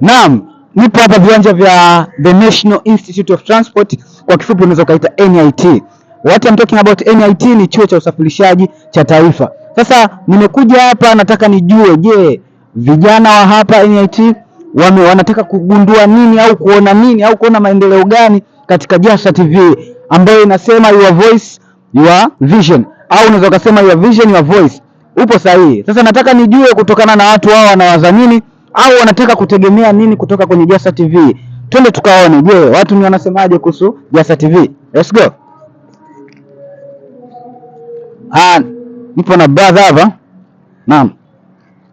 Naam, nipo hapa viwanja vya the National Institute of Transport, kwa kifupi unaweza kaita NIT. What I'm talking about, NIT ni chuo cha usafirishaji cha taifa. Sasa nimekuja hapa, nataka nijue, je, vijana wa hapa NIT wame, wanataka kugundua nini au kuona nini au kuona maendeleo gani katika Jasa TV ambayo inasema your voice your vision, au unaweza ukasema your vision your voice. Upo sahihi. Sasa nataka nijue kutokana na watu hao wanawaza nini au wanataka kutegemea nini kutoka kwenye Jasa TV? Twende tukaone, je, watu ni wanasemaje kuhusu Jasa TV? Let's go. Ah, nipo na brother hapa. Naam.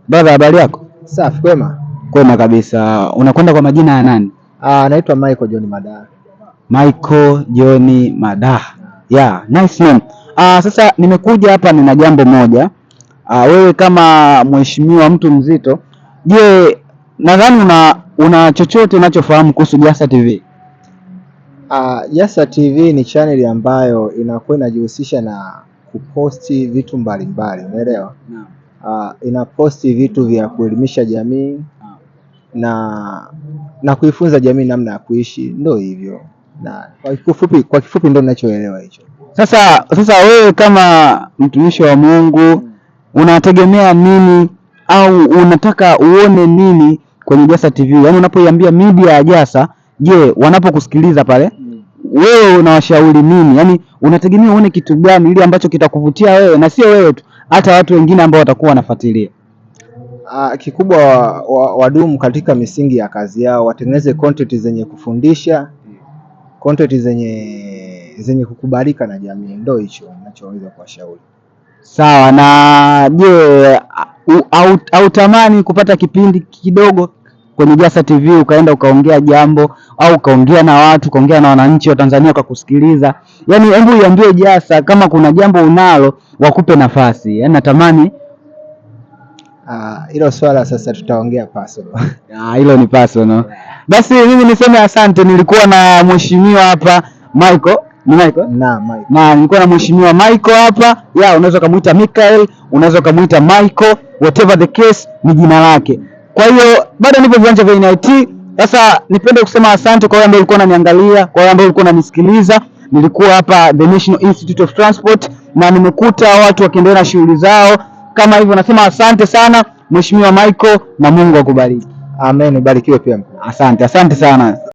Brother, habari yako? Safi, kwema. Kwema kabisa. Unakwenda kwa majina ya nani? Ah, anaitwa Michael John Madaha. Michael John Madaha. Yeah, nice name. Ah, sasa nimekuja hapa nina jambo moja. Ah, wewe kama mheshimiwa mtu mzito, je, nadhani una, una chochote unachofahamu kuhusu Jasa TV? Uh, ah, Jasa TV ni channel ambayo inakuwa inajihusisha na kuposti vitu mbalimbali, umeelewa Naam. Uh, inaposti vitu vya kuelimisha jamii na na kuifunza jamii namna ya kuishi, ndio hivyo na kwa kifupi, kwa kifupi ndio ninachoelewa hicho. Sasa sasa wewe kama mtumishi wa Mungu hmm. unategemea nini au unataka uone nini kwenye Jasa TV, yaani unapoiambia media ya Jasa, je, wanapokusikiliza pale wewe unawashauri nini? Yaani unategemea uone kitu gani ili ambacho kitakuvutia wewe na sio wewe tu, hata watu wengine ambao watakuwa wanafuatilia. Ah, kikubwa wadumu wa, wa katika misingi ya kazi yao, watengeneze content zenye kufundisha, content zenye zenye kukubalika na jamii, ndio hicho ninachoweza kuwashauri. Sawa. Na je, hautamani kupata kipindi kidogo kwenye Jasa TV ukaenda ukaongea jambo au ukaongea na watu ukaongea na wananchi wa Tanzania wakakusikiliza. yani hebu iambie Jasa kama kuna jambo unalo wakupe nafasi. yani natamani ah, hilo uh, swala sasa tutaongea personal. Ah, hilo ni personal. Basi mimi niseme asante, nilikuwa na mheshimiwa hapa Michael ni Michael? Na Michael. Na nilikuwa na mheshimiwa Michael hapa. Ya, unaweza kumuita Michael, unaweza kumuita Michael, whatever the case ni jina lake. Kwa hiyo bado nipo viwanja vya NIT. Sasa nipende kusema asante kwa wale ambao walikuwa wananiangalia, kwa wale ambao walikuwa wananisikiliza. Nilikuwa hapa the National Institute of Transport na nimekuta watu wakiendelea na shughuli zao kama hivyo. Nasema asante sana Mheshimiwa Michael na Mungu akubariki. Amen, ubarikiwe pia. Asante, asante sana.